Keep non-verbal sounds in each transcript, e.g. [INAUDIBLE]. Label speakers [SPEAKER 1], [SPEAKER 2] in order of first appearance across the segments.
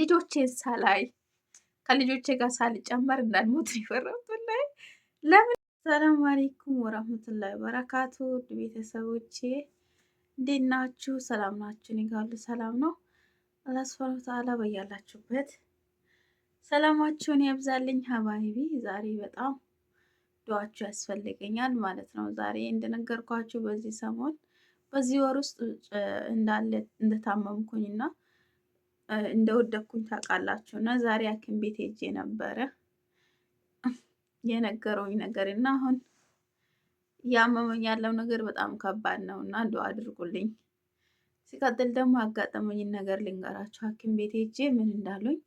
[SPEAKER 1] ልጆቼን ሳላይ ከልጆቼ ጋር ሳልጨመር እንዳልሞት ይፈራቱ ለምን ሰላም አሌይኩም ወራህመቱላሂ ወበረካቱ ቤተሰቦቼ እንዴት ናችሁ? ሰላም ናችሁ? እኔ ሰላም ነው። አላህ ሱብሓነሁ ወተዓላ በያላችሁበት ሰላማችሁን ያብዛልኝ። ሀባይቢ ዛሬ በጣም ዱዓችሁ ያስፈልገኛል ማለት ነው። ዛሬ እንደነገርኳችሁ በዚህ ሰሞን በዚህ ወር ውስጥ እንዳለ እንደታመምኩኝና እንደወደኩኝ ታውቃላችሁ። እና ዛሬ ሐኪም ቤት ሄጄ ነበረ [LAUGHS] የነገረውኝ ነገር እና አሁን እያመመኝ ያለው ነገር በጣም ከባድ ነው እና እንደው አድርጉልኝ። ሲቀጥል ደግሞ አጋጠመኝን ነገር ልንገራችሁ። ሐኪም ቤት ሄጄ ምን እንዳሉኝ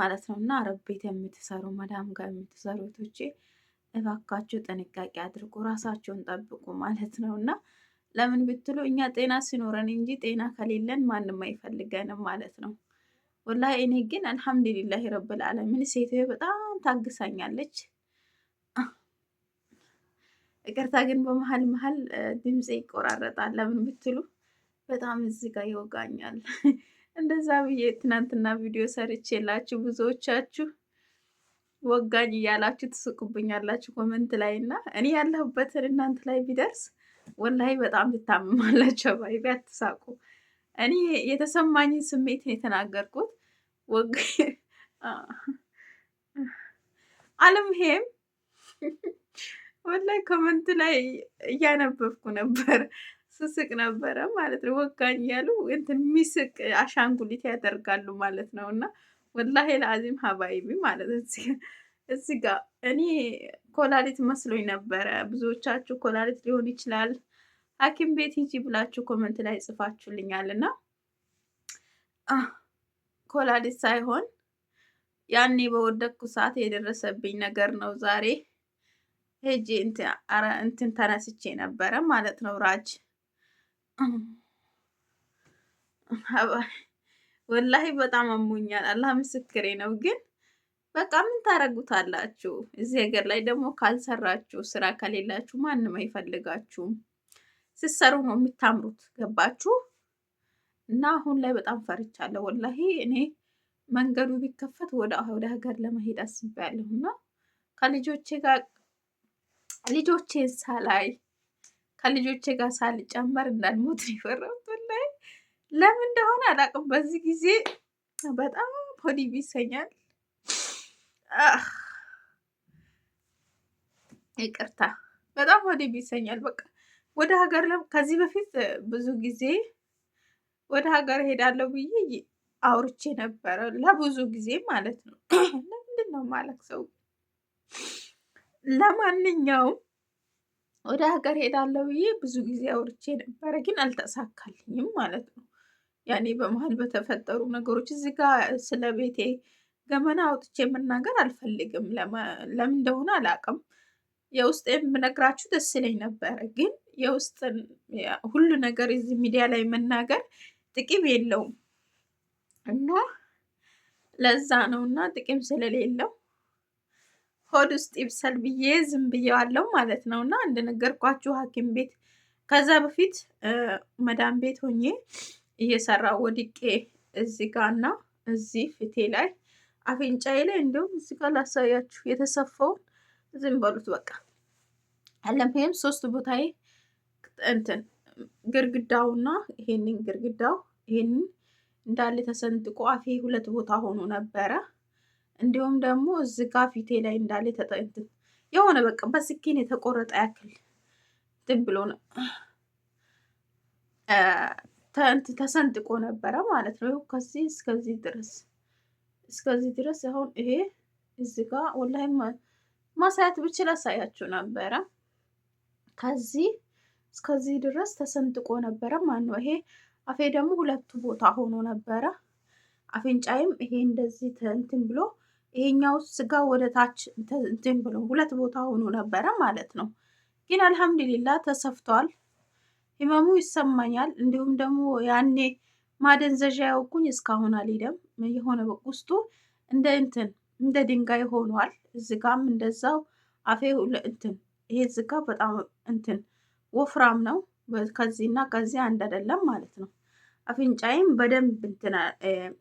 [SPEAKER 1] ማለት ነው እና አረብ ቤት የምትሰሩ መዳም ጋር የምትሰሩ እህቶቼ እባካችሁ ጥንቃቄ አድርጉ፣ ራሳችሁን ጠብቁ ማለት ነው እና ለምን ብትሉ እኛ ጤና ሲኖረን እንጂ ጤና ከሌለን ማንም አይፈልገንም ማለት ነው። ወላ እኔ ግን አልሐምዱሊላህ ረብል ዓለሚን ሴት በጣም ታግሳኛለች። እቅርታ ግን በመሀል መሀል ድምፅ ይቆራረጣል። ለምን ብትሉ በጣም እዚህ ጋር ይወጋኛል። እንደዛ ብዬ ትናንትና ቪዲዮ ሰርቼ የላችሁ ብዙዎቻችሁ ወጋኝ እያላችሁ ትስቁብኛላችሁ ኮመንት ላይ እና እኔ ያለሁበትን እናንተ ላይ ቢደርስ ወላይ በጣም ትታምማላችሁ። ባይቢ አትሳቁ። እኔ የተሰማኝን ስሜት የተናገርኩት አለም ይሄም ወላይ ኮመንት ላይ እያነበብኩ ነበር፣ ስስቅ ነበረ ማለት ነው። ወጋኝ እያሉ እንትን የሚስቅ አሻንጉሊት ያደርጋሉ ማለት ነው። እና ወላሂ ለአዚም ሀባይቢ ማለት እዚህ እኔ ኮላሊት መስሎኝ ነበረ። ብዙዎቻችሁ ኮላሊት ሊሆን ይችላል ሐኪም ቤት ሂጂ ብላችሁ ኮመንት ላይ ጽፋችሁልኛል እና ኮላሊት ሳይሆን ያኔ በወደቅኩ ሰዓት የደረሰብኝ ነገር ነው። ዛሬ ሄጄ እንትን ተነስቼ ነበረ ማለት ነው። ራጅ ወላሂ በጣም አሞኛል። አላህ ምስክሬ ነው። ግን በቃ ምን ታደርጉታላችሁ? እዚህ ሀገር ላይ ደግሞ ካልሰራችሁ፣ ስራ ከሌላችሁ ማንም አይፈልጋችሁም። ስትሰሩ ነው የምታምሩት። ገባችሁ? እና አሁን ላይ በጣም ፈርቻለሁ ወላሂ። እኔ መንገዱ ቢከፈት ወደ ወደ ሀገር ለመሄድ አስቤያለሁ እና ከልጆቼ ጋር ልጆቼን ሳላይ ከልጆቼ ጋር ሳልጨመር እንዳልሞት የፈራሁት ወላሂ። ለምን እንደሆነ አላቅም። በዚህ ጊዜ በጣም ሆዲብ ይሰኛል። ይቅርታ፣ በጣም ሆዲብ ይሰኛል። በቃ ወደ ሀገር ከዚህ በፊት ብዙ ጊዜ ወደ ሀገር ሄዳለሁ ብዬ አውርቼ ነበረ፣ ለብዙ ጊዜ ማለት ነው። [CLEARS THROAT] ለምንድን ነው ማለት ሰው ለማንኛውም ወደ ሀገር ሄዳለሁ ብዬ ብዙ ጊዜ አውርቼ ነበረ፣ ግን አልተሳካልኝም ማለት ነው። ያኔ በመሀል በተፈጠሩ ነገሮች እዚህ ጋር ስለ ቤቴ ገመና አውጥቼ መናገር አልፈልግም። ለምን እንደሆነ አላውቅም። የውስጥ የምነግራችሁ ደስ ይለኝ ነበረ፣ ግን የውስጥን ሁሉ ነገር እዚህ ሚዲያ ላይ መናገር ጥቅም የለውም እና ለዛ ነው እና ጥቅም ስለሌለው ሆድ ውስጥ ይብሰል ብዬ ዝም ብዬዋለሁ ማለት ነው። እና እንደነገርኳችሁ ሐኪም ቤት ከዛ በፊት መዳም ቤት ሆኜ እየሰራ ወድቄ እዚህ ጋ እና እዚህ ፊቴ ላይ አፍንጫዬ ላይ እንዲሁም እዚህ ጋ ላሳያችሁ የተሰፋውን ዝም በሉት በቃ። አለም ይሄም ሶስት ቦታዬ እንትን ግርግዳውና ይሄንን ግርግዳው ይሄንን እንዳለ ተሰንጥቆ አፌ ሁለት ቦታ ሆኖ ነበረ። እንዲሁም ደግሞ እዚህ ጋ ፊቴ ላይ እንዳለ ተጠንትን የሆነ በቃ በስኪን የተቆረጠ ያክል እንትን ብሎ ተንት ተሰንጥቆ ነበረ ማለት ነው። ከዚህ እስከዚህ ድረስ እስከዚህ ድረስ አሁን ይሄ እዚህ ጋ ወላሂ ማሳያት ብችል አሳያችሁ ነበረ። ከዚህ እስከዚህ ድረስ ተሰንጥቆ ነበረ። ማን ነው ይሄ? አፌ ደግሞ ሁለቱ ቦታ ሆኖ ነበረ። አፍንጫይም ይሄ እንደዚህ እንትን ብሎ ይሄኛው ስጋ ወደ ታች እንትን ብሎ ሁለት ቦታ ሆኖ ነበረ ማለት ነው። ግን አልሐምዱሊላ ተሰፍቷል። ህመሙ ይሰማኛል። እንዲሁም ደግሞ ያኔ ማደንዘዣ ያውቁኝ እስካሁን አልሄደም። የሆነ ውስጡ እንደ እንትን እንደ ድንጋይ ሆኗል። እዚህ ጋም እንደዛው አፌ እንትን ይሄ እዚህ ጋ በጣም እንትን ወፍራም ነው። ከዚህና ከዚህ አንድ አይደለም ማለት ነው። አፍንጫይም በደንብ እንትን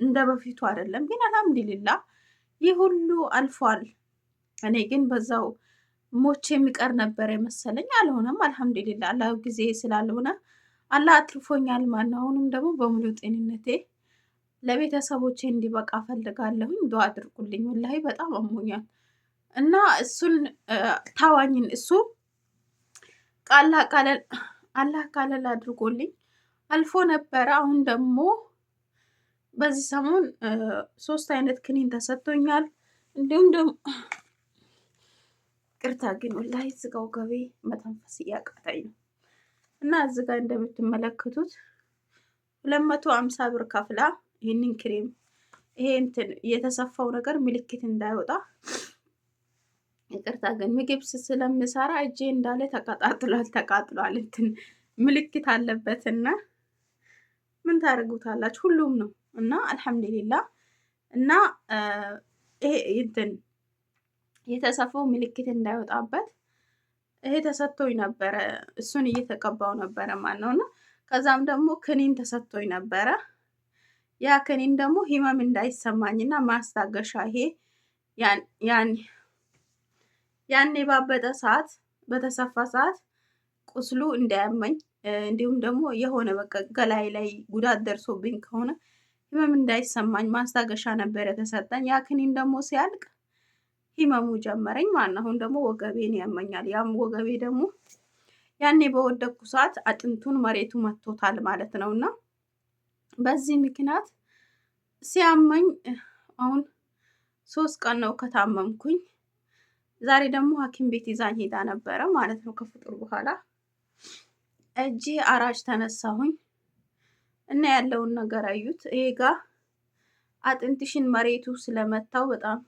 [SPEAKER 1] እንደ በፊቱ አይደለም፣ ግን አልሐምዱሊላ ይህ ሁሉ አልፏል። እኔ ግን በዛው ሞች የሚቀር ነበር የመሰለኝ አልሆነም። አልሐምዱሊላ አላህ ጊዜ ስላልሆነ አላህ አትርፎኛል። ማን አሁንም ደግሞ በሙሉ ጤንነቴ ለቤተሰቦቼ እንዲበቃ ፈልጋለሁኝ። ዱዓ አድርጉልኝ። ወላሂ በጣም አሞኛል እና እሱን ታዋኝን እሱ ቃላ ቃለል አላህ ቃለል አድርጎልኝ አልፎ ነበረ። አሁን ደግሞ በዚህ ሰሞን ሶስት አይነት ክኒን ተሰጥቶኛል። እንዲሁም ደግሞ ቅርታ ግን ወላሂ ዝጋው ገቤ መተንፈስ እያቃታኝ ነው እና እዝጋ እንደምትመለከቱት ሁለት መቶ አምሳ ብር ከፍላ ይህንን ክሬም ይሄ እንትን የተሰፋው ነገር ምልክት እንዳይወጣ ይቅርታ ግን ምግብ ስለምሰራ እጄ እንዳለ ተቀጣጥሏል ተቃጥሏል እንትን ምልክት አለበትና ምን ታደርጉታላችሁ? ሁሉም ነው እና አልሐምዱሊላ እና ይሄ እንትን የተሰፋው ምልክት እንዳይወጣበት ይሄ ተሰጥቶኝ ነበረ። እሱን እየተቀባው ነበረ ማን ነው እና ከዛም ደግሞ ክኒን ተሰጥቶኝ ነበረ ያ ክኒን ደግሞ ህመም እንዳይሰማኝና ማስታገሻ ይሄ ያን የባበጠ ሰዓት በተሰፋ ሰዓት ቁስሉ እንዳያመኝ እንዲሁም ደግሞ የሆነ በቃ ገላይ ላይ ጉዳት ደርሶብኝ ከሆነ ህመም እንዳይሰማኝ ማስታገሻ ነበር የተሰጠኝ። ያ ክኒን ደግሞ ሲያልቅ ህመሙ ጀመረኝ ማለት አሁን ደግሞ ወገቤን ያመኛል። ያም ወገቤ ደግሞ ያኔ በወደቅኩ ሰዓት አጥንቱን መሬቱ መቶታል ማለት ነው እና በዚህ ምክንያት ሲያመኝ አሁን ሶስት ቀን ነው ከታመምኩኝ። ዛሬ ደግሞ ሐኪም ቤት ይዛኝ ሄዳ ነበረ ማለት ነው። ከፍጡር በኋላ እጅ አራጅ ተነሳሁኝ እና ያለውን ነገር አዩት። ይሄ ጋ አጥንትሽን መሬቱ ስለመታው በጣም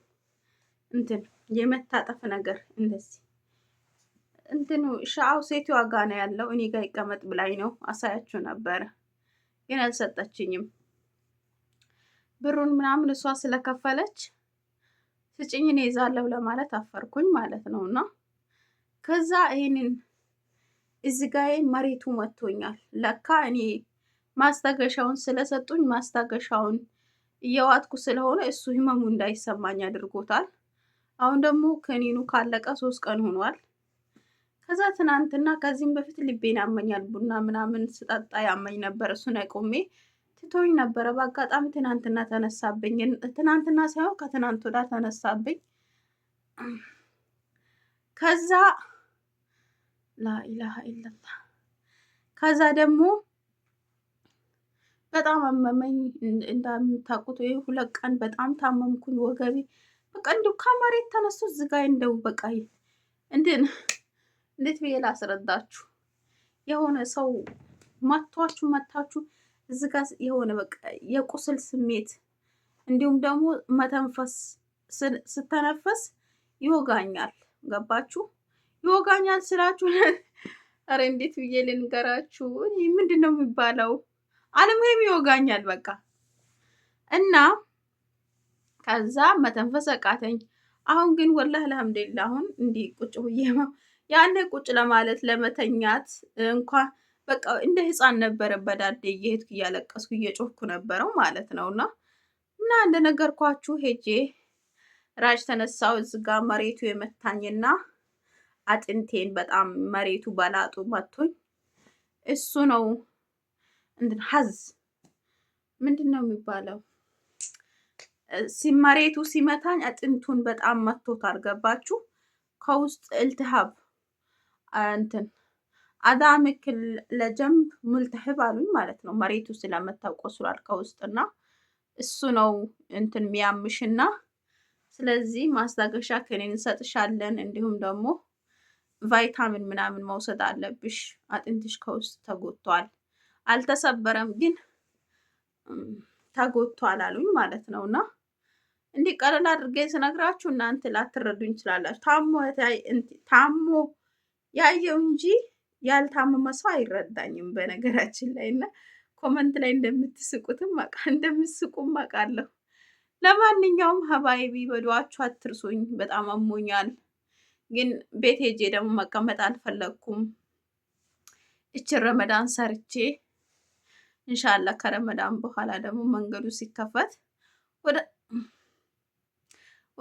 [SPEAKER 1] እንትን የመታጠፍ ነገር እንደዚህ እንትኑ ሻአው ሴትዋ ጋ ነው ያለው። እኔ ጋ ይቀመጥ ብላኝ ነው አሳያችሁ ነበረ። ግን አልሰጠችኝም። ብሩን ምናምን እሷ ስለከፈለች ስጭኝ እኔ ይዛለሁ ለማለት አፈርኩኝ ማለት ነው። እና ከዛ ይህንን እዚ ጋዬ መሬቱ መጥቶኛል። ለካ እኔ ማስታገሻውን ስለሰጡኝ ማስታገሻውን እየዋጥኩ ስለሆነ እሱ ህመሙ እንዳይሰማኝ አድርጎታል። አሁን ደግሞ ከኒኑ ካለቀ ሶስት ቀን ሆኗል። ከዛ ትናንትና ከዚህም በፊት ልቤን ያመኛል ቡና ምናምን ስጠጣ ያመኝ ነበር። እሱን አይቆሜ ትቶኝ ነበረ። በአጋጣሚ ትናንትና ተነሳብኝ። ትናንትና ሳይሆን ከትናንት ወዳ ተነሳብኝ። ከዛ ላኢላሃ ኢላላ ከዛ ደግሞ በጣም አመመኝ። እንደምታውቁት ወይ ሁለት ቀን በጣም ታመምኩኝ። ወገቤ በቃ እንዲሁ ከመሬት ተነስቶ ዝጋይ እንደው በቃ እንትን እንዴት ብዬ ላስረዳችሁ? የሆነ ሰው መቷችሁ መታችሁ እዚህ ጋ የሆነ በቃ የቁስል ስሜት እንዲሁም ደግሞ መተንፈስ ስተነፈስ ይወጋኛል። ገባችሁ? ይወጋኛል ስላችሁ ኧረ [LAUGHS] እንዴት ብዬ ልንገራችሁ? ምንድን ነው የሚባለው? አለምሄም ይወጋኛል በቃ እና ከዛ መተንፈስ አቃተኝ። አሁን ግን ወላህ አልሐምዱሊላህ አሁን እንዲህ ቁጭ ብዬ ያን ቁጭ ለማለት ለመተኛት እንኳ በቃ እንደ ህፃን ነበረ በዳዴ እየሄድኩ እያለቀስኩ እየጮህኩ ነበረው ማለት ነው። እና እና እንደነገርኳችሁ ሄጄ ራጅ ተነሳው እዚ ጋ መሬቱ የመታኝና አጥንቴን በጣም መሬቱ በላጡ መቶኝ እሱ ነው እንድን ሀዝ ምንድን ነው የሚባለው? መሬቱ ሲመታኝ አጥንቱን በጣም መቶት አልገባችሁ ከውስጥ እልትሀብ እንትን አዳምክ ለጀንብ ሙልተሕብ አሉኝ ማለት ነው። መሬቱ ስለምታቆስሏል ከውስጥና እሱ ነው እንትን የሚያምሽና ስለዚህ ማስታገሻ ክኒን እንሰጥሻለን። እንዲሁም ደግሞ ቫይታሚን ምናምን መውሰድ አለብሽ። አጥንትሽ ከውስጥ ተጎድቷል። አልተሰበረም ግን ተጎድቷል አሉኝ ማለት ነው። እና እንዲህ ቀለል አድርጌ ስነግራችሁ እናንተ ላትረዱኝ ትችላላችሁ። ታሞ ያየው እንጂ ያልታመመ ሰው አይረዳኝም። በነገራችን ላይ እና ኮመንት ላይ እንደምትስቁትም እንደምትስቁም አውቃለሁ። ለማንኛውም ሀባይቢ በዱዋችሁ አትርሱኝ። በጣም አሞኛል፣ ግን ቤት ሄጄ ደግሞ መቀመጥ አልፈለግኩም። እችን ረመዳን ሰርቼ እንሻላ ከረመዳን በኋላ ደግሞ መንገዱ ሲከፈት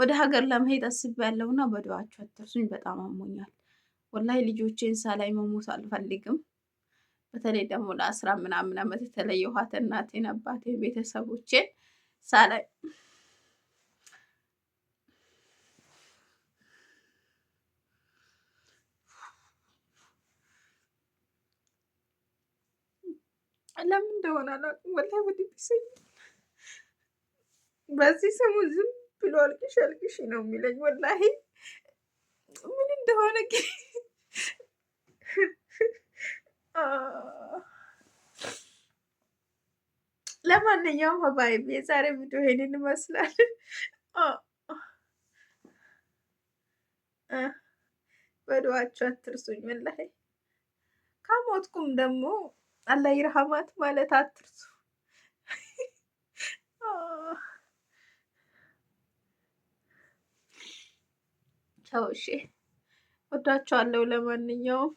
[SPEAKER 1] ወደ ሀገር ለመሄድ አስቤያለሁና በዱዋችሁ አትርሱኝ። በጣም አሞኛል። ወላሂ ልጆቼን ሳላይ መሞት አልፈልግም። በተለይ ደግሞ ለአስራ ምናምን ዓመት የተለየኋት እናቴን፣ አባቴን፣ ቤተሰቦቼን ሳላይ ለምን እንደሆነ አላውቅም። ወላሂ ወዲህ በዚህ ሰሞን ዝም ብሎ አልቅሽ አልቅሽ ነው የሚለኝ። ወላሂ ምን እንደሆነ ለማንኛውም ሀባይ የዛሬ ቪዲዮ ይሄንን ይመስላል። በድዋቸው አትርሱኝ። ምን ላይ ከሞትኩም ደግሞ አላህ ይርሃማት ማለት አትርሱ። ቻው እሺ፣ ወዳችኋለሁ። ለማንኛውም